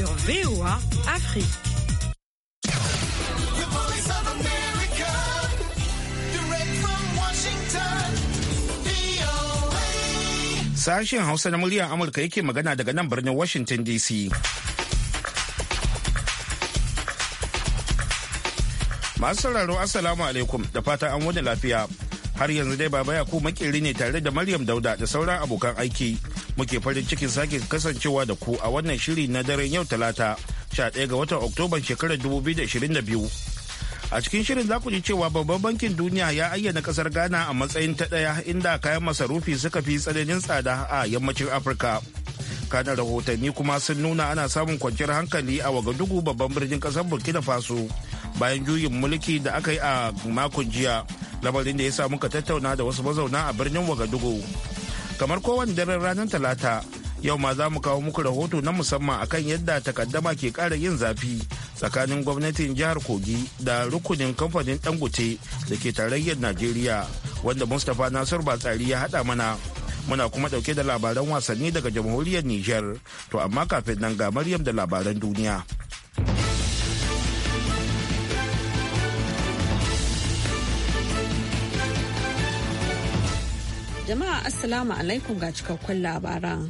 sur VOA Afrique. Sashen Hausa na muryar Amurka yake magana daga nan birnin Washington DC. Masu sauraro Assalamu alaikum da fata an wani lafiya. Har yanzu dai baba ku makirri ne tare da Maryam Dauda da sauran abokan aiki. muke farin cikin sake kasancewa da ku a wannan shiri na daren yau talata 11 ga watan oktoban shekarar 2022 a cikin shirin za ku ji cewa babban bankin duniya ya ayyana kasar ghana a matsayin ta ɗaya inda kayan masarufi suka fi tsananin tsada a yammacin afirka kanan rahotanni kuma sun nuna ana samun kwanciyar hankali a wagadugu babban birnin kasar burkina faso bayan juyin mulki da aka yi a makon jiya labarin da ya sa muka tattauna da wasu mazauna a birnin wagadugu kamar kowane daren ranar talata yau ma za mu kawo muku rahoto na musamman akan yadda takaddama ke kara yin zafi tsakanin gwamnatin jihar kogi da rukunin kamfanin dangote da ke tarayyar najeriya wanda mustapha nasir batsari ya haɗa mana muna kuma ɗauke da labaran wasanni daga jamhuriyar niger to amma kafin nan ga maryam da labaran duniya Jama'a Assalamu alaikum ga cikakkun labaran.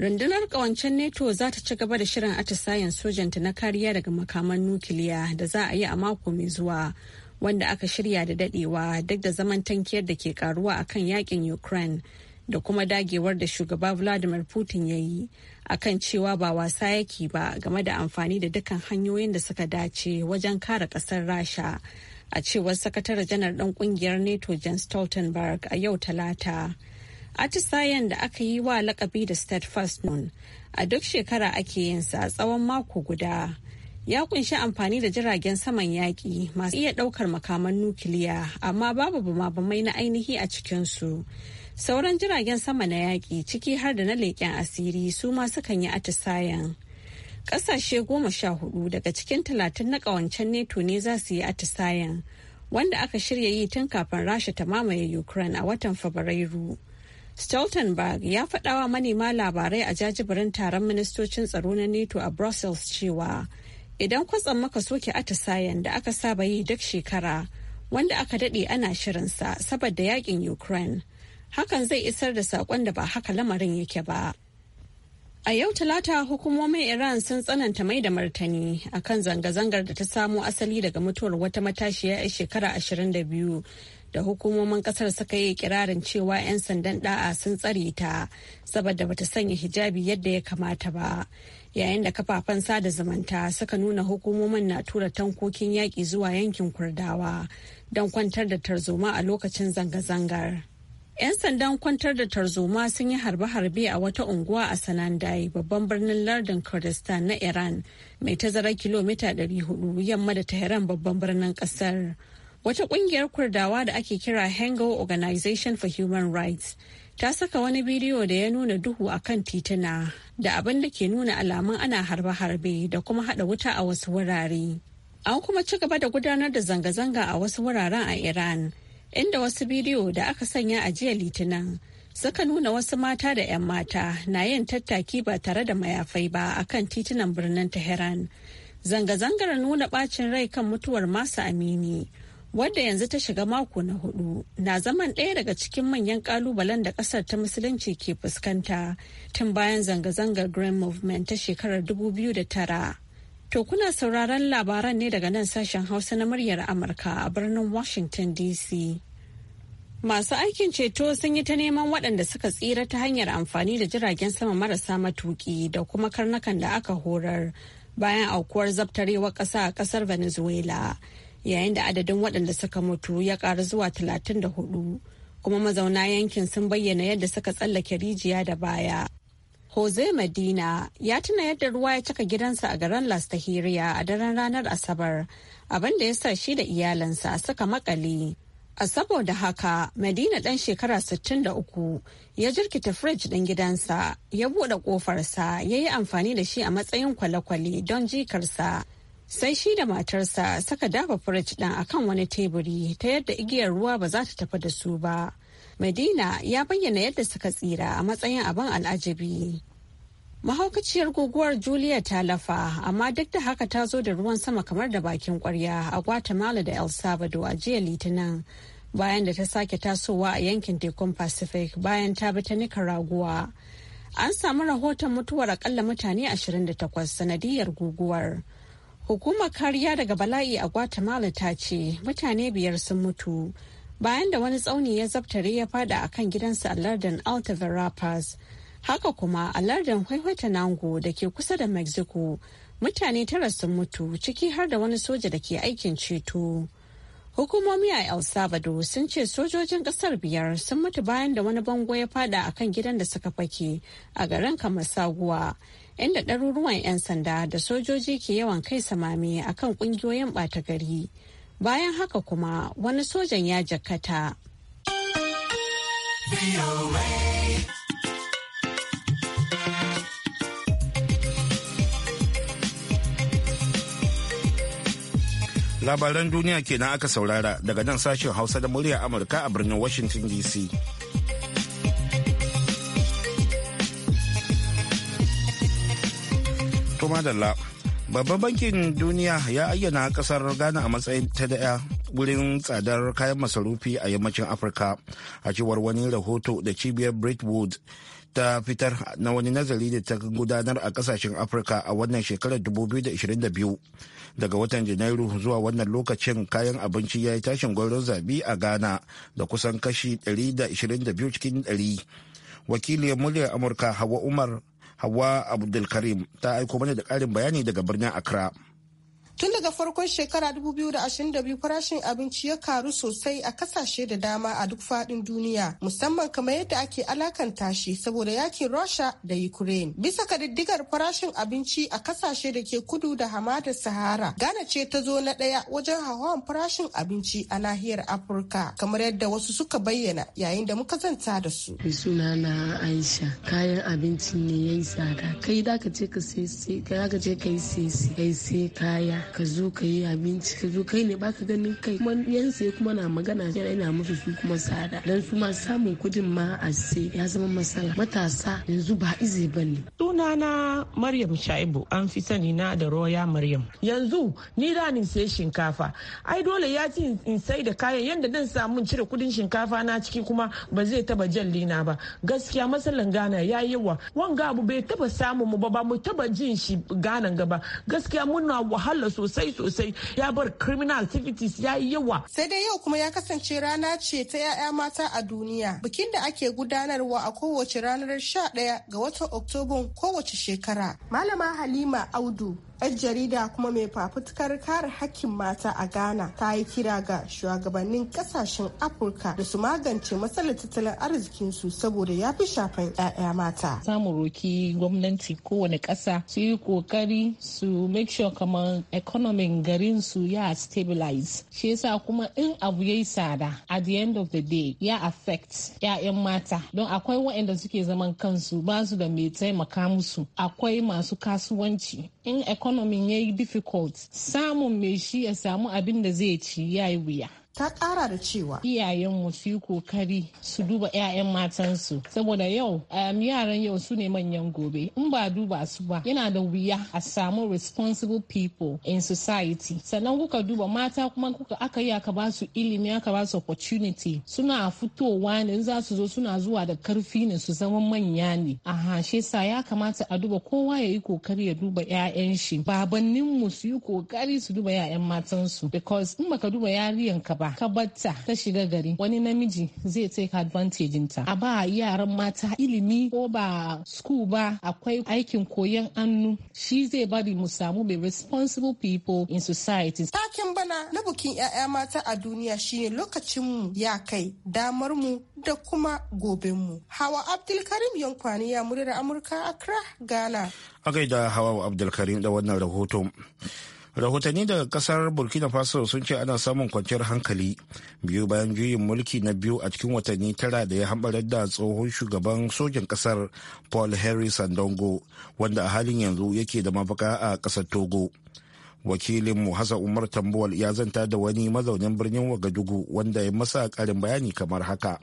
Rundunar ƙawancen NATO za ta ci gaba da shirin atisayen sojanta na kariya daga makaman nukiliya da za a yi a mako mai zuwa wanda aka shirya da dadewa duk da zaman tankiyar da ke karuwa kan yakin Ukraine da kuma dagewar da shugaba Vladimir Putin ya yi a kan cewa ba wasa yake ba game da amfani da dukkan hanyoyin da suka dace wajen kare ƙasar Rasha. a cewar sakatare janar ɗan ƙungiyar NATO Jan Stoltenberg a yau Talata. Atisayen da aka yi wa lakabi da Steadfast Nun a duk shekara ake yin sa tsawon mako guda. Ya kunshi amfani da jiragen saman yaƙi masu iya ɗaukar makaman nukiliya amma babu bumabumai na ainihi a cikinsu. Sauran jiragen sama na yaƙi ciki har da na leƙen asiri su ma sukan yi atisayen. Ƙasashe goma sha hudu daga cikin talatin na ƙawancen neto ne za su yi atisayen wanda aka shirya yi tun kafin Rasha ta mamaye Ukraine a watan Fabrairu. Stoltenberg ya faɗawa manema labarai a jajibirin taron ministocin tsaro na NATO a Brussels cewa idan kwatsam maka soke atisayen da aka saba yi duk shekara wanda aka daɗe ana shirinsa saboda yakin Ukraine hakan zai isar da saƙon da ba haka lamarin yake ba. A yau Talata hukumomin Iran sun tsananta mai da martani a kan zanga-zangar da ta samo asali daga mutuwar wata matashiya 'yar shekara 22 da hukumomin kasar suka yi kirarin cewa 'yan sandan da'a sun tsare ta saboda bata sanya hijabi yadda ya kamata ba. Yayin da kafafen sada zumunta suka nuna hukumomin na tura tankokin yaƙi zuwa yankin Kurdawa don kwantar da tarzoma a lokacin zanga-zangar. 'Yan sandan kwantar da tarzoma sun yi harbe-harbe a wata unguwa a Sanandai, babban birnin lardin Kurdistan na Iran, mai tazarar kilomita 400 yamma da Tehran babban birnin kasar. Wata kungiyar Kurdawa da ake kira Hango Organization for Human Rights ta saka wani bidiyo da ya nuna duhu a kan tituna da abin da ke nuna alamun ana harbe-harbe da kuma hada wuta a wasu wurare. An kuma ci gaba da gudanar da zanga-zanga a wasu wuraren a Iran. inda wasu bidiyo da aka sanya a jiya litinin suka nuna wasu mata da 'yan mata na yin tattaki ba tare da mayafai ba a kan titunan birnin Tehran. Zanga-zangar nuna bacin rai kan mutuwar masu amini, wadda yanzu ta shiga mako na hudu, na zaman ɗaya daga cikin manyan kalubalen da ƙasar ta musulunci ke fuskanta tun bayan zanga-zangar Green Movement ta shekarar 2009. To kuna sauraron labaran ne daga nan sashen Hausa na muryar Amurka a birnin Washington DC. Masu aikin ceto sun yi ta neman waɗanda suka tsira ta hanyar amfani da jiragen sama marasa matuki da kuma karnakan da aka horar bayan aukuwar zabtarewar ƙasa a ƙasar Venezuela yayin da adadin waɗanda suka mutu ya ƙaru zuwa talatin da hudu kuma mazauna yankin sun bayyana yadda suka tsallake rijiya da baya Jose Medina ya tuna yadda ruwa ya cika gidansa a garin Las Tahiriya a daren ranar Asabar, abinda ya sa shi da iyalansa suka makale. A saboda haka, Medina ɗan shekara 63 ya jirkita firij ɗin gidansa, ya buɗe ƙofarsa, ya yi amfani da shi a matsayin kwale-kwale don jikarsa. Sai shi da matarsa suka dafa firij ɗin akan wani teburi ta yadda igiyar ruwa ba za ta tafi da su ba. Medina ya bayyana yadda suka tsira a matsayin abin al'ajabi. Mahaukaciyar guguwar Julia ta lafa, amma duk da haka ta zo da ruwan sama kamar da bakin kwarya a Guatemala da El Salvador a jiya Litinin, bayan da ta sake tasowa a yankin tekun Pacific bayan ta bi ta nika raguwa. An samu rahoton mutuwar akalla mutane 28 sanadiyar guguwar. Hukumar kariya daga bala'i a Guatemala ta ce mutane biyar sun mutu. bayan da wani tsauni ya zabtare ya fada a kan gidansa a lardin altaverapas haka kuma a lardin nango da ke kusa da mexico mutane tara sun mutu ciki har da wani soja da ke aikin ceto hukumomi a el salvador sun ce sojojin kasar biyar sun mutu bayan da wani bango ya fada a kan gidan da suka fake a garin kamasaguwa inda ɗaruruwan 'yan sanda da sojoji ke yawan kai samami akan ƙungiyoyin ɓata gari. bayan haka kuma wani sojan ya jakata labaran duniya kenan aka saurara daga nan sashen hausa da murya amurka a birnin washington dc to Babban bankin duniya ya ayyana kasar Ghana a matsayin ta daya wurin tsadar kayan masarufi a yammacin Afirka a cewar wani rahoto da cibiyar Britwood ta fitar na wani nazari da ta gudanar a kasashen Afirka a wannan shekarar 2022. Daga watan Janairu zuwa wannan lokacin kayan abinci ya yi tashin gwarin zabi a Ghana da kusan kashi 122 cikin 100. wakiliyar muryar amurka hawa umar Hawa Abdulkarim ta aiko mana da ƙarin bayani daga birnin Accra. Tun daga farkon shekara 2022 farashin abinci ya karu sosai a kasashe da dama a duk faɗin duniya musamman kamar yadda ake alakanta shi saboda yakin Rasha da Ukraine. Bisa ka diddigar farashin abinci a kasashe da ke kudu da hamadar Sahara, gana ce ta zo na ɗaya wajen hawan farashin abinci a nahiyar Afirka kamar yadda wasu suka bayyana yayin da muka zanta da su. Suna na Aisha kayan abinci ne ya yi tsada kai da ka ce ka sai ka yi sai kaya ka zo ka yi abinci ka zo kai ne baka ganin kai kuma yan sai kuma na magana yana musu su kuma sada dan su ma samun kudin ma a sai ya zama matsala matasa yanzu ba ne. bane sunana maryam shaibu an fi sani na da roya maryam yanzu ni da ni sai shinkafa ai dole ya ci in sai da kayan yanda dan samu cire kudin shinkafa na ciki kuma ba zai taba jalli na ba gaskiya matsalan gana ya yi yawa wanga abu bai taba samu mu ba ba mu taba jin shi ganan gaba gaskiya muna wahala sosai sosai ya bar criminal activities ya yi yawa. Sai dai yau kuma ya kasance rana ce ta 'ya'ya mata a duniya. Bikin da ake gudanarwa a kowace ranar 11 ga watan Oktoban kowace shekara. Malama Halima Audu 'yan jarida kuma mai fafutukar kare hakkin mata a ghana ta yi kira ga shugabannin kasashen afirka da su magance matsalar tattalin arzikinsu saboda ya fi shafan 'ya'ya mata samun roki gwamnati kowane ƙasa su yi kokari su make sure kamar economy garin su ya stabilize shi yasa kuma in abu ya yayi tsada at the end of the day ya affect 'ya'yan mata don akwai waɗanda suke zaman kansu ba su da mai taimaka musu akwai masu kasuwanci in economy economy ya yi difficult samun mai shi ya samu abin da zai ci ya yi wuya ta kara da cewa iyayen su yi kokari su duba 'ya'yan matansu saboda yau um, yaran yau su ne manyan gobe in ba duba su ba yana da wuya a samu responsible people in society sannan kuka duba mata kuma kuka aka yi aka ba su ilimi aka ba su opportunity suna fitowa ne za su zo suna zuwa da karfi ne su zama manya ne a hashe sa ya kamata a duba kowa ya yi kokari ya duba 'ya'yan shi babanninmu su yi kokari su duba 'ya'yan matansu because in baka duba yariyan ka ba kabata ta shiga gari wani namiji zai take advantage ta a ba yaran mata ilimi ko ba school ba akwai aikin koyon annu shi zai bari mu samu be responsible people in society taken bana na bukin 'ya'ya mata a duniya shine lokacin mu ya kai damar mu da kuma gobe mu Hawa Abdulkarim Yankwani ya murar Amurka Accra, Ghana. A gaida Hawa Abdulkarim da wannan rahoton. rahotanni daga kasar burkina faso sun ce ana samun kwanciyar hankali biyu bayan juyin mulki na biyu a cikin watanni tara da ya hambarar da tsohon shugaban sojin kasar paul henry sandongo wanda a halin yanzu yake da mafaka a kasar togo wakilin mu hassan umar tambuwal ya zanta da wani mazaunin birnin wagadugu wanda ya masa karin bayani kamar haka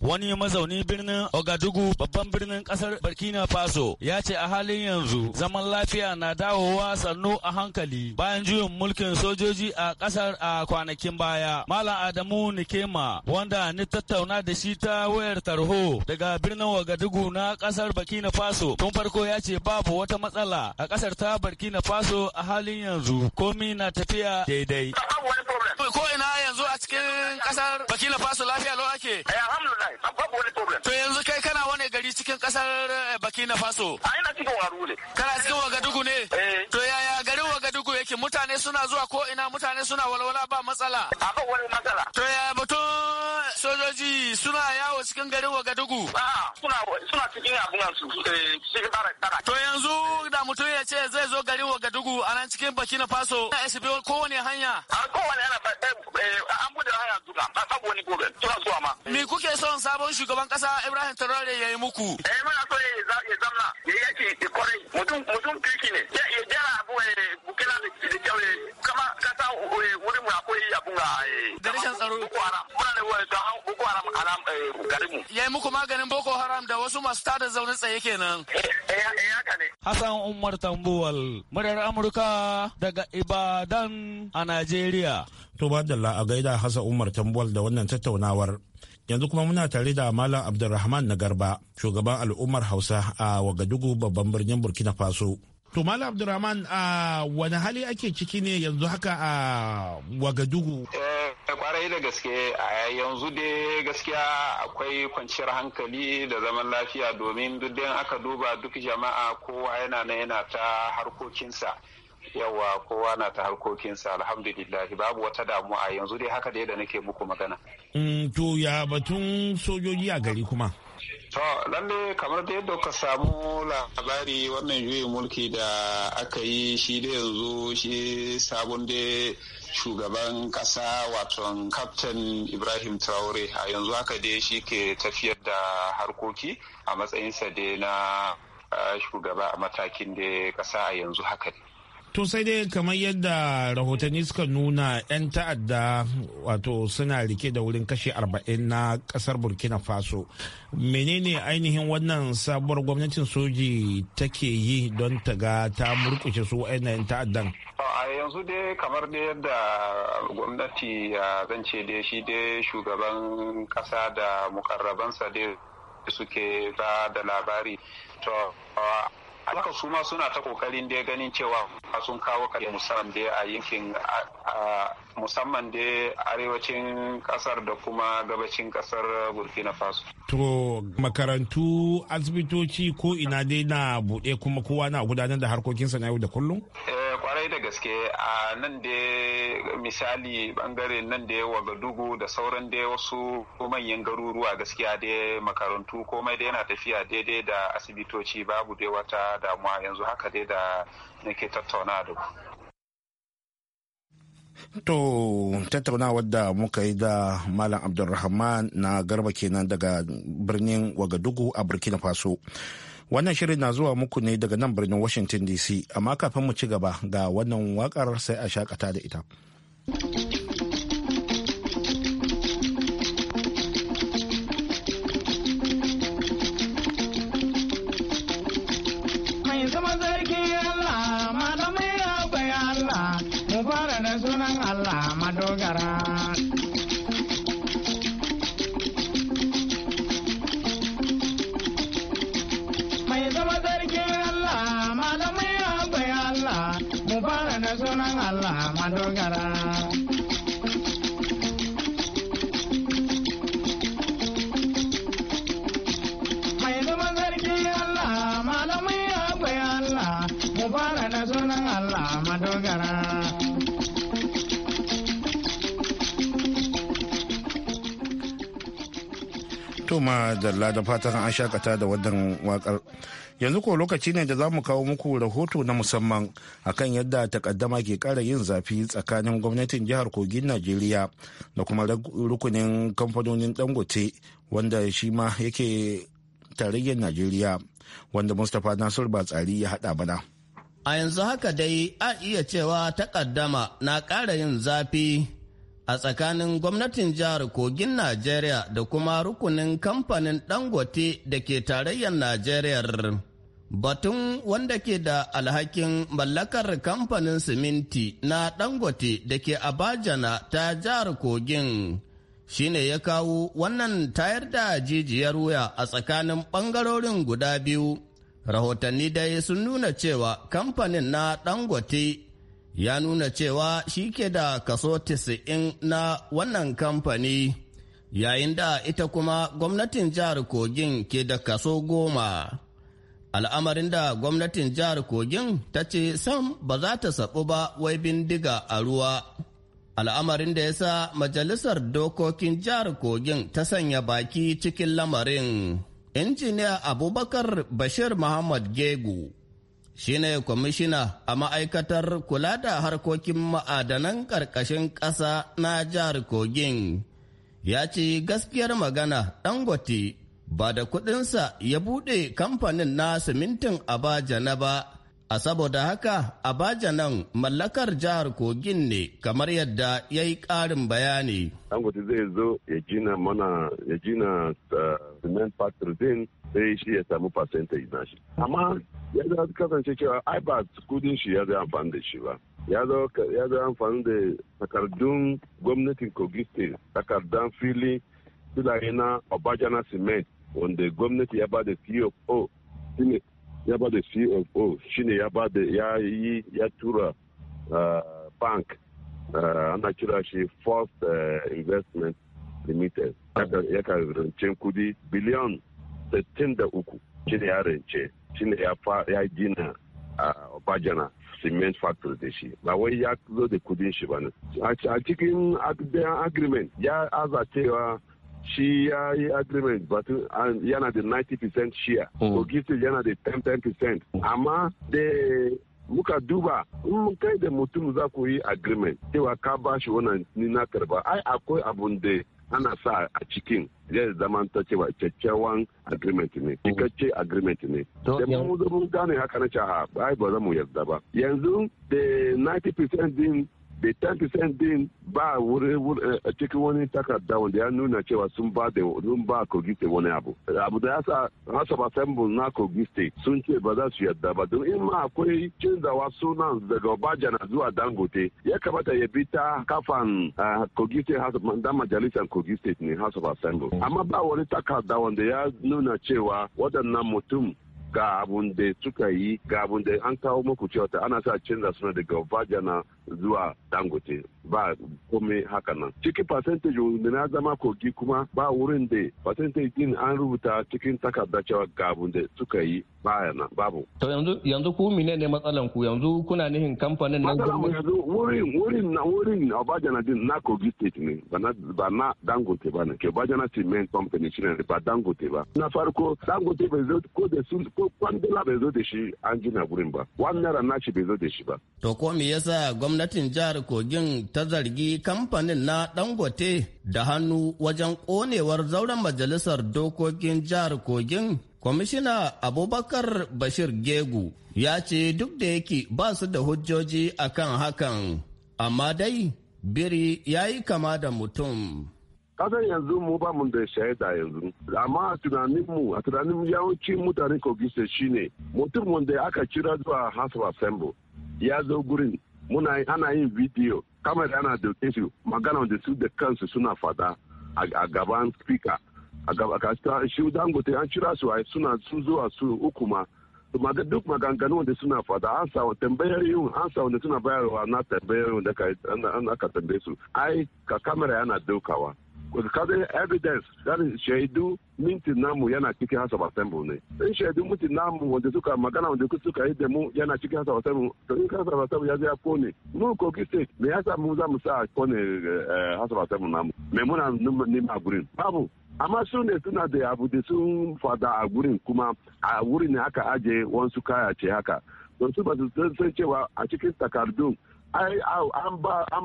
wani mazauni birnin Ogadugu babban birnin kasar Burkina Faso ya ce a halin yanzu zaman lafiya na dawowa sannu a hankali bayan juyin mulkin sojoji a kasar a kwanakin baya. Malam Adamu Nikema wanda ni tattauna da shi ta wayar tarho daga birnin Ogadugu na kasar Burkina Faso tun farko ya ce babu wata matsala a kasar ta Burkina Faso a halin yanzu komi na tafiya daidai. Ko ina yanzu a cikin kasar Burkina Faso lafiya lo ake? Eh, kasar eh, Burkina Faso? A ina cikin waru ne. Kana cikin Wagadugu ne? Eh. To yaya garin Wagadugu yake mutane suna zuwa ko ina mutane suna walwala ba matsala? A ba wani matsala. To yaya batun sojoji suna yawo cikin garin Wagadugu? A suna suna cikin abun su eh, cikin bara bara. To yanzu da mutum ya ce zai zo garin Wagadugu a nan cikin Burkina Faso. Na SBO kowane hanya. A kowane eh, eh. an bude hanya duka. Ba wani gobe. Tuna zuwa ma. Me kuke son sabon shugaban kasa Ibrahim Traore yayi yi muku? Eh muna so ya zamna ya yaki kwarai mutum kirki ne ya gyara abu eh, kama ka sa mu akwai abun ga tsaro rashin tsaro muna ne wani don boko haram alam garin mu yi muku maganin boko haram da wasu masu tada zaune tsaye kenan eh, eh, eh haka ne Hassan Umar Tambuwal muryar Amurka daga Ibadan a Najeriya to madalla a gaida Hassan Umar Tambuwal da wannan tattaunawar yanzu kuma muna tare da malam abdulrahman na garba shugaban al'ummar hausa a wagadugu babban birnin burkina faso To Malam Abdurrahman a wani hali ake ciki ne yanzu haka a Wagadugu? Eh, kwarai da gaske a yanzu dai gaskiya akwai kwanciyar hankali da zaman lafiya domin duk aka duba duk jama'a kowa yana na yana ta harkokinsa. yawa kowa na ta harkokinsa alhamdulillah babu wata damuwa yanzu dai haka dai da nake muku magana. Mm, to ya batun sojoji a gari kuma. To lalle kamar da yadda ka samu labari wannan juyin mulki da aka yi shi da yanzu shi sabon da shugaban kasa waton captain ibrahim traore a yanzu haka dai shi ke tafiyar da harkoki a matsayinsa dai na eh, shugaba a matakin da kasa a yanzu haka To sai dai kamar yadda rahotanni suka nuna 'yan ta'adda wato suna rike da wurin kashe 40 na kasar Burkina Faso. Menene ainihin wannan sabuwar gwamnatin soji take yi don ta ga ta murkushe su 'yan ta'addan? A yanzu dai kamar dai yadda gwamnati zan ce dai shi dai shugaban kasa da mukarrabansa dai suke ba da labari. To haka su ma suna ta kokarin da ganin cewa sun kawo kare musamman da a yankin musamman da arewacin kasar da kuma gabacin kasar burkina faso to makarantu asibitoci ko ina dai na buɗe kuma kowa na gudanar da harkokinsa na yau da kullum eh, kwarai da gaske a nan da misali bangare nan da wagadugu da sauran da wasu manyan garuruwa gaskiya da makarantu komai da yana tafiya daidai da asibitoci babu da wata damuwa yanzu haka dai da nake tattauna da ku To tattaunawar da muka yi da Malam Abdulrahman na garba kenan daga birnin Wagadugu a Burkina Faso. Wannan shirin na zuwa muku ne daga nan birnin Washington DC, amma kafin mu ci gaba ga wannan wakar sai a shakata da ita. to ma dalla da fatan an shakata da wannan wakar yanzu ko lokaci ne da za mu kawo muku rahoto na musamman akan yadda takaddama ke kara yin zafi tsakanin gwamnatin jihar kogin najeriya da kuma rukunin kamfanonin dangote wanda shi ma yake tarayyar najeriya wanda mustapha nasir tsari ya hada bana a yanzu haka dai a iya cewa takaddama na kara yin zafi a tsakanin gwamnatin jihar Kogin Najeriya da kuma rukunin kamfanin Dangote da ke tarayyar Najeriya. Batun wanda ke da alhakin mallakar kamfanin siminti na Dangote da ke Abajana ta jihar Kogin shine ya kawo wannan tayar da jijiyar wuya a tsakanin ɓangarorin guda biyu. Rahotanni dai sun nuna cewa kamfanin na Dangote ya nuna cewa shi ke da kaso 90 na wannan kamfani yayin da ita kuma gwamnatin jihar kogin ke da kaso goma al'amarin da gwamnatin jihar kogin ta ce sam ba za ta sabu ba wai bindiga a ruwa al'amarin da ya sa majalisar dokokin jihar kogin ta sanya baki cikin lamarin injiniya abubakar bashir muhammad gegu shine kwamishina a ma'aikatar kula da harkokin ma'adanan ƙarƙashin ƙasa na jihar Kogin. Ya ce gaskiyar magana Dangote ba da kuɗinsa ya buɗe kamfanin na simintin abajana ba. A saboda haka, Abaja nan mallakar jihar Kogin ne kamar yadda ya yi ƙarin bayani. Dangote zai zo ya gina mana ya gina eh, cement factory din sai shi ya samu percentage na shi. Amma ya za kasance cewa ai kudin shi ya zai amfani da shi ba. ya zo amfani da takardun gwamnatin kogi state takardun fili filaye na obajana cement wanda gwamnati ya ba da pfo ya ba da cfo shine ya ba da ya yi ya tura uh, bank uh, ana kira shi first uh, investment limited ya ka rance kudi biliyan 63 shine ya rance shine ya gina bajana cement factory da shi ba wai ya zo da kudin shi ba ne a cikin agreement ya aza cewa shi ya yi agreement but yana da 90% share hmm. kogi state yana da 10-10% hmm. amma da muka duba in kai da mutum za ku yi agreement cewa ka ba shi wannan ni na karba ai akwai abun da ana sa a cikin zai zama ta cewa kyakkyawan agreement ne hmm. cikakke agreement ne da mu zo mun gane haka na cewa ai ba za mu yarda ba yanzu da 90% din da 10% din ba eh, a cikin wani takarda wanda ya nuna cewa sun ba da sun ba wani abu abu da ya sa house of assembly na kogi state sun ce ba za su yadda ba don in ma akwai canzawa sunan daga obajana zuwa dangote ya kamata ya bi ta kafan eh, kogi house dan majalisar kogi state ne house of assembly amma ba wani takarda wanda ya nuna cewa waɗannan mutum ga abun da suka yi ga abun da an kawo muku kyauta ana sa canza suna daga vajana zuwa dangote ba kome haka nan cikin percentage wanda na zama kogi kuma ba wurin da percentage din an rubuta cikin takarda cewa gabu da suka yi baya nan babu to yanzu yanzu ku mine ne matsalan ku yanzu kuna nihin kamfanin nan gwamnati yanzu wurin wurin na wurin Obajana din na Kogi state ne ba na ba na Dangote ba ne ke Obajana cement company ne ba Dangote ba na farko Dangote bai zo ko da sun ko kwandala bai zo da shi an gina wurin ba wannan shi bai zo da shi ba to ko me yasa gwamnatin jihar Kogin ta zargi kamfanin na Dangote da hannu wajen konewar zauren majalisar dokokin jihar Kogin, kwamishina Abubakar Bashir Gegu ya ce duk da yake ba su da hujjoji a kan hakan, amma dai biri ya yi kama da mutum. Kasar yanzu mu ba mu da shaida yanzu amma a tunanin mu a tunanin yawanci mutane shi shine mutum wanda aka kira zuwa house of assembly ya zo gurin muna ana yin bidiyo kamar da ana shi magana da su da kansu suna fada a gaban speaker a gaba shi dangote an cira su ai suna su zuwa su uku ma maga duk maganganu wanda suna fada an sa tambayar yun an sa wanda suna bayarwa na tambayar yun da aka tambaye su ai ka kamera yana daukawa kaga evidence dan shaidu mintin namu yana cikin hasa assembly ne in shaidu mintin namu wanda suka magana wanda suka yi da mu yana cikin hasa assembly to in hasa assembly ya zai kone mu kogi state me yasa mu za mu sa kone hasa eh, assembly namu me muna nima gurin babu amma su ne suna da abu da sun fada a gurin kuma a wurin ne aka aje wasu kaya ce haka don su ba su san cewa a cikin takardun an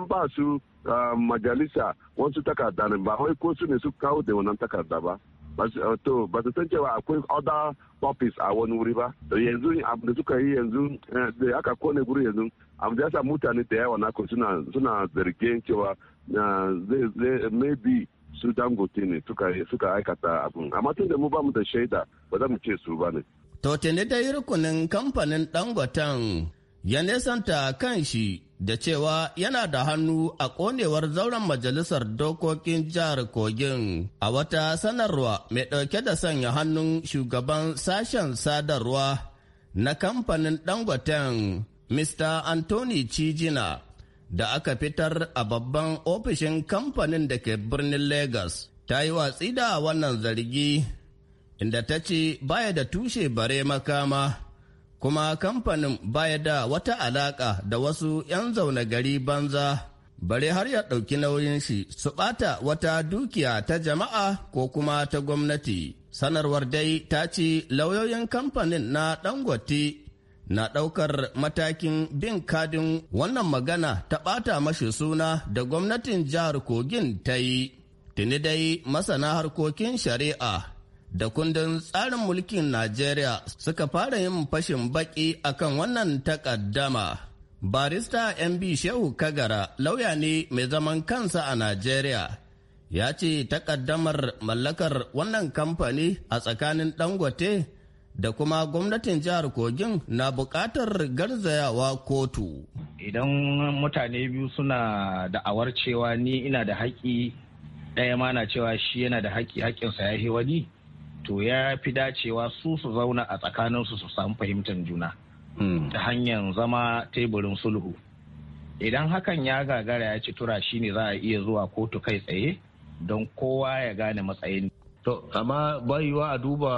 ba su Ah, majalisa wasu takarda ne ba wai ko su ne su kawo da wannan takarda ba eh, to ba su san cewa akwai other topics a wani wuri ba da yanzu abu da suka yi yanzu eh, da aka kone guri yanzu abu da mutane da yawa na suna suna zargin cewa ah, zai maybe su dangote ne suka aikata abun amma tun da mu ba mu da shaida ba za mu ce su ba ne to tene da rukunin kamfanin dangoten ya nesanta kan shi da cewa yana da hannu a konewar zauren majalisar dokokin jihar kogin a wata sanarwa mai ɗauke da sanya hannun shugaban sashen sadarwa na kamfanin dangoten mr anthony cijina da aka fitar a babban ofishin kamfanin da ke birnin lagos ta yi watsi da wannan zargi inda ta ce baya da tushe bare makama kuma kamfanin baya da wata alaƙa da wasu 'yan zaune gari banza bare har ya ɗauki nauyin shi su ɓata wata dukiya ta jama'a ko kuma ta gwamnati. Sanarwar dai ta ce lauyoyin kamfanin na Dangote na ɗaukar matakin bin kadin wannan magana ta ɓata mashi suna da gwamnatin jihar Kogin ta yi. Tuni dai masana harkokin shari'a da kundin tsarin mulkin Najeriya suka fara yin fashin baki akan wannan takaddama. Barista MB Shehu Kagara lauya ne mai zaman kansa a Najeriya. Ya ce takaddamar mallakar wannan kamfani a tsakanin Dangote da kuma gwamnatin jihar Kogin na bukatar garzayawa kotu. Idan mutane biyu suna da'awar cewa ni ina da haƙi ɗaya ma na cewa shi yana da haƙi haƙinsa ya wani to ya fi dacewa su su zauna a tsakaninsu su samu fahimtar juna hmm. ta hanyar zama teburin sulhu idan hakan ya gagara ya ci tura shine za a iya zuwa kotu kai tsaye don kowa ya gane matsayin To, amma bayuwa a duba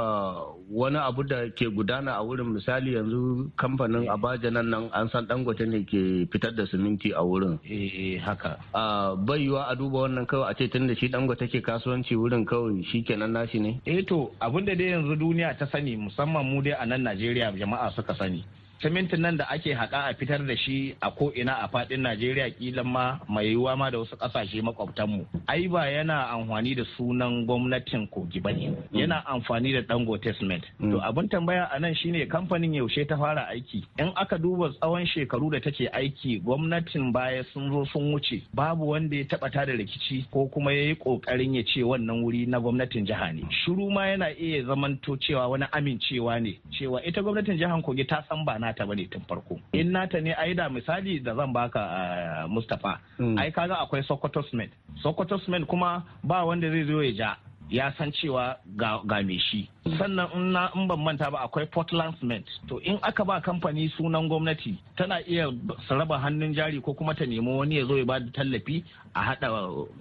wani abu da ke gudana a wurin misali yanzu kamfanin abaja nan nan an san dangote ne ke fitar da siminti a wurin. Eh, eh haka. A a duba wannan kawai a ce tun da shi dangote ke kasuwanci wurin kawai shi kenan nashi ne? Eh to abin da dai yanzu duniya ta sani musamman mu dai a nan Najeriya jama'a suka sani. simintin nan da ake haƙa a fitar da shi a ko ina a faɗin najeriya kilan ma mai yiwuwa ma da wasu ƙasashe makwabtanmu ai ba yana amfani da sunan gwamnatin kogi ba ne mm. yana amfani da dango testament mm. to abin tambaya a nan shine kamfanin yaushe ta fara aiki in aka duba tsawon shekaru da take aiki gwamnatin baya sun zo sun wuce babu wanda ya taɓa da rikici ko kuma ya yi ƙoƙarin ya ce wannan wuri na gwamnatin jiha ne shiru ma yana iya zamanto cewa wani amincewa ne cewa ita gwamnatin jihar kogi ta san ba na nata bane tun farko in nata ne aida misali da zan baka eh, Mustapha hmm. ai kaga akwai Sokoto cement Sokoto cement kuma ba wanda zai zo ya ja ya san cewa ga me shi sannan in na in ban manta ba akwai portland cement to in aka ba kamfani sunan gwamnati tana iya saraba hannun jari ko kuma ta nemi wani ya zo ya bada tallafi a hada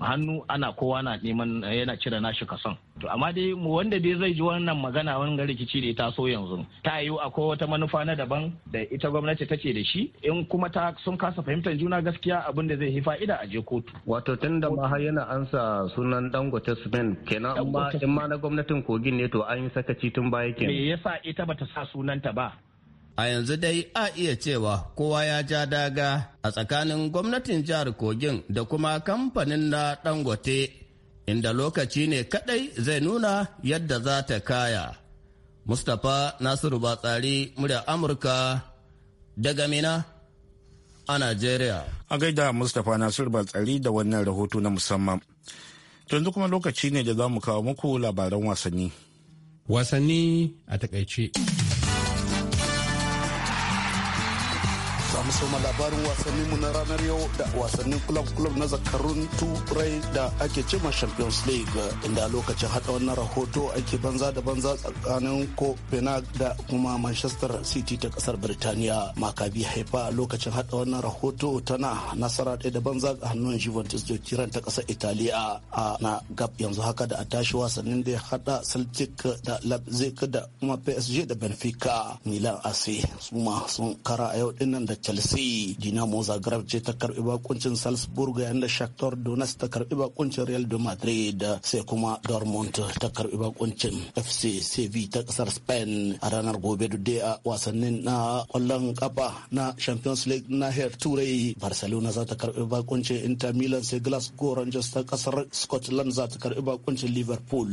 hannu ana kowa na neman yana cire nashi kason to amma dai mu wanda dai zai ji wannan magana wani rikici da ta so yanzu ta yiwu akwai wata manufa na daban da ita gwamnati take da shi in kuma ta sun kasa fahimtar juna gaskiya abin da zai yi fa'ida a je kotu wato tunda ma har yana ansa sunan dangote cement kenan amma in ma na gwamnatin kogin ne to an sakaci tun baya kenan me yasa ita bata sa sunanta ba a yanzu dai a iya cewa kowa ya ja daga a tsakanin gwamnatin jihar kogin da kuma kamfanin na dangote inda lokaci ne kadai zai nuna yadda za ta kaya mustapha nasiru batsari murya amurka daga mina a nigeria a gaida mustapha nasiru batsari da wannan rahoto na musamman yanzu kuma lokaci ne da za mu kawo muku labaran wasanni Wasanni a takaice. mu labarin wasannin mu na ranar yau da wasannin club club na zakarun turai da ake cema champions league inda lokacin hada wannan rahoto ake banza da banza tsakanin copenhagen da kuma manchester city ta kasar birtaniya makabi haifa lokacin hada wannan rahoto tana nasara ɗaya da banza ga hannun juventus da kiran ta kasar italiya a na gab yanzu haka da a tashi wasannin da ya hada celtic da leipzig da kuma psg da benfica milan ac su ma sun kara a yau dinnan da chelsea dinamo zagreb ce ta karbi bakuncin salzburg yayin da shakhtar donetsk ta karbi bakuncin real de madrid sai kuma dortmund ta karbi bakuncin fc Sevilla ta kasar spain a ranar gobe da a wasannin na kwallon kafa na champions league nahiyar turai barcelona za ta karbi bakuncin inter milan sai glasgow rangers ta kasar scotland za ta karbi bakuncin liverpool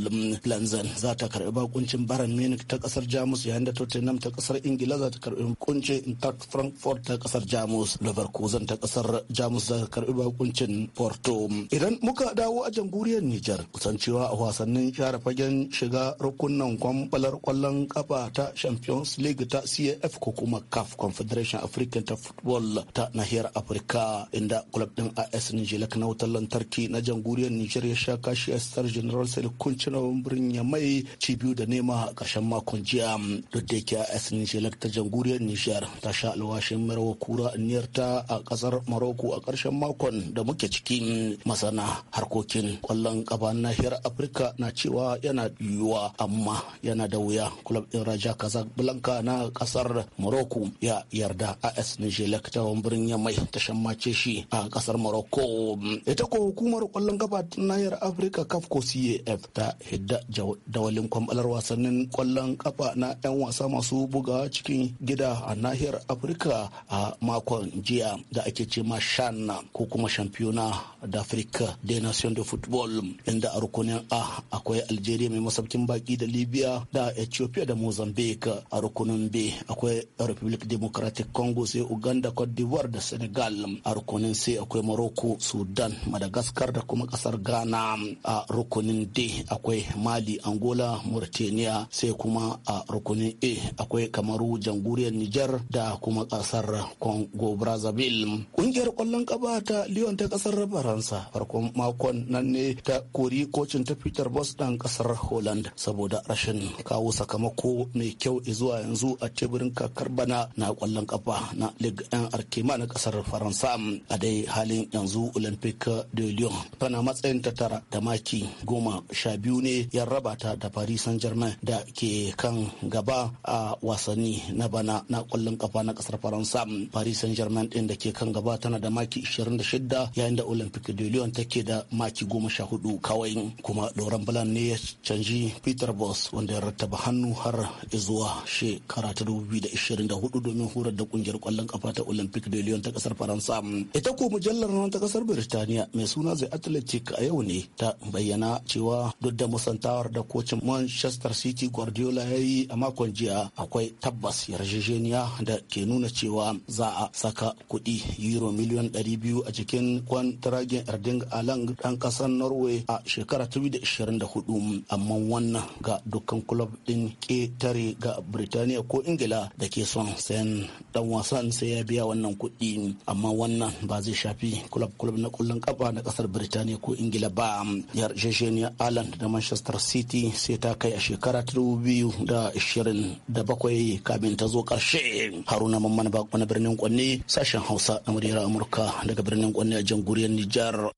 lanzan za ta karbi bakuncin bayern munich ta kasar jamus yayin da tottenham ta kasar ingila za ta karbi bakuncin inter frankfurt ta kasar kasar jamus leverkusen ta kasar jamus da karbi bakuncin porto idan muka dawo a jamhuriyar nijar kusancewa a wasannin share fagen shiga rukunan kwambalar kwallon kafa ta champions league ta caf ko kuma caf confederation african ta football ta nahiyar afirka inda club din as nigeria na wutar lantarki na jamhuriyar niger ya sha kashi a star general kunci na birnin ya mai cibiyu da nema a ƙarshen makon jiya duk da yake as nigeria ta jamhuriyar niger ta sha alwashin marawa kura niyarta a kasar Maroko a ƙarshen makon da muke cikin masana harkokin kwallon ƙafa nahiyar Afirka na cewa yana yiwuwa amma yana da wuya club din Raja Casablanca na kasar maroko ya yarda AS Nijelek ta birnin Yamai ta mace shi a kasar maroko ita ko hukumar kwallon ƙafa ta nahiyar Afirka CAF CAF ta hidda dawalin kwambalar wasannin kwallon ƙafa na 'yan wasa masu buga cikin gida a nahiyar Afirka a a makon jiya da ake ce ma shan ko kuma shampiyona da d'afrique da nation de football inda a rukunin a akwai algeria mai masaukin baki da libya da ethiopia da mozambique a rukunin b akwai republic democratic congo sai uganda cote d'ivoire da senegal a rukunin c akwai morocco sudan madagascar da kuma kasar ghana a rukunin d akwai mali angola mauritania sai kuma a rukunin a akwai kamaru jamhuriyar niger da kuma kasar Congo Brazzaville, kungiyar kwallon kaba ta lyon ta kasar faransa farkon makon nan ne ta kori kocin ta peter bos dan kasar holland saboda rashin kawo sakamako mai kyau zuwa yanzu a teburin kakar bana na kwallon kafa na ligue 1 arkema na kasar faransa a dai halin yanzu Olympique de lyon tana matsayin ta tara da maki goma sha biyu ne ya raba ta da paris saint germain da ke kan gaba a wasanni na bana na kwallon kafa na kasar faransa paris saint germain din da ke kan gaba tana da maki 26 yayin da olympic de lyon take da maki 14 kawai kuma laurent blanc ne ya canji peter Bos wanda ya rattaba hannu har zuwa shekara ta 2024 domin horar da kungiyar kwallon kafa ta olympic de lyon ta kasar faransa ita ko mujallar nan ta kasar birtaniya mai suna the athletic a yau ne ta bayyana cewa duk da musantawar da kocin manchester city guardiola ya yi a makon jiya akwai tabbas yarjejeniya da ke nuna cewa za a saka kuɗi euro miliyan 200 a jikin kwantiragin erding alang ɗan ƙasar norway a shekara 2024 amma wannan ga dukkan kulob ɗin ƙetare ga birtaniya ko ingila da ke son sayan ɗan wasan sai ya biya wannan kuɗi amma wannan ba zai shafi kulob kulob na kullun ƙafa na ƙasar birtaniya ko ingila ba yarjejeniyar alan da manchester city sai ta kai a shekara 2027 kamin ta zo ƙarshe haruna mamman ba wani birnin birnin Kwanne sashen Hausa na muryar Amurka daga birnin Kwanne a jamhuriyar Nijar.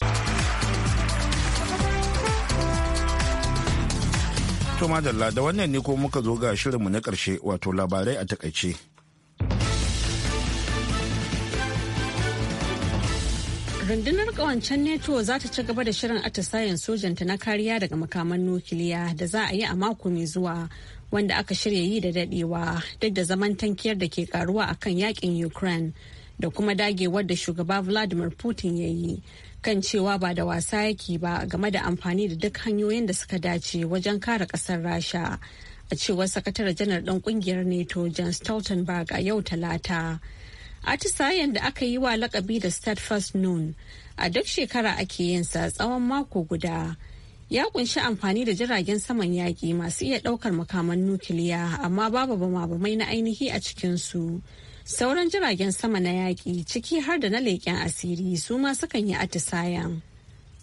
To madalla da wannan ne ko muka zo ga shirinmu na karshe wato labarai a takaice. rundunar kawancen neto za ta ci gaba da shirin atisayen sojanta na kariya daga makaman nukiliya da za a yi a mako mai zuwa wanda aka shirya yi da dadewa duk da zaman tankiyar da ke karuwa a kan yakin ukraine da kuma dagewar da shugaba vladimir putin ya yi kan cewa ba da wasa yake ba game da amfani da duk hanyoyin da suka dace wajen kare kasar rasha a cewar sakatare janar ɗan kungiyar nato john stoltenberg a yau talata atisayen da aka yi wa lakabi da steadfast noon a duk shekara ake yinsa tsawon mako guda ya kunshi amfani da jiragen saman yaƙi masu iya ɗaukar makaman nukiliya amma babu bama-bamai na ainihi a cikinsu. Sauran jiragen sama na yaƙi ciki har da na leƙen asiri su ma sukan yi atisayan.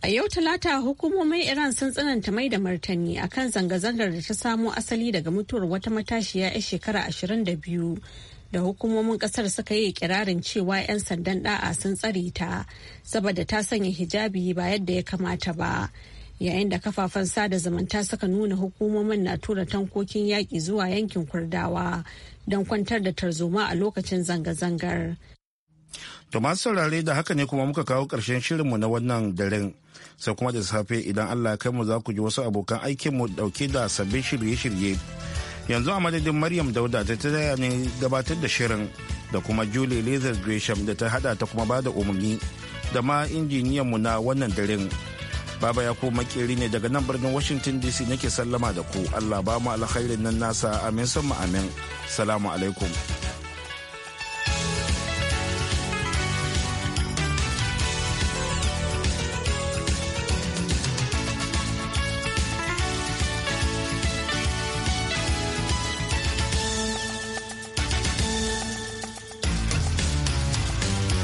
A yau talata hukumomin Iran sun tsananta mai da martani akan zanga-zangar da ta samo asali daga mutuwar wata matashiya 'yar shekara 22 da hukumomin kasar suka yi kirarin cewa 'yan sandan da'a sun tsare ta saboda ta sanya hijabi ba yadda ya kamata ba. yayin da kafafen sada zumunta suka nuna hukumomin na tura tankokin yaƙi zuwa yankin kurdawa don kwantar da tarzoma a lokacin zanga-zangar. To masu saurare da haka ne kuma muka kawo ƙarshen shirinmu na wannan daren. Sai kuma da safe idan Allah kai mu za ku ji wasu abokan aikinmu ɗauke da sabbin shirye-shirye. Yanzu a madadin Maryam Dauda ta taya ne gabatar da shirin da kuma Julie Lazar Gresham da ta hada ta kuma bada umarni da ma injiniyanmu na wannan daren. Baba ya ko makeri ne daga nan birnin Washington DC nake sallama da ku. Allah ba mu alkhairin nan nasa amin sun amin. Salamu alaikum.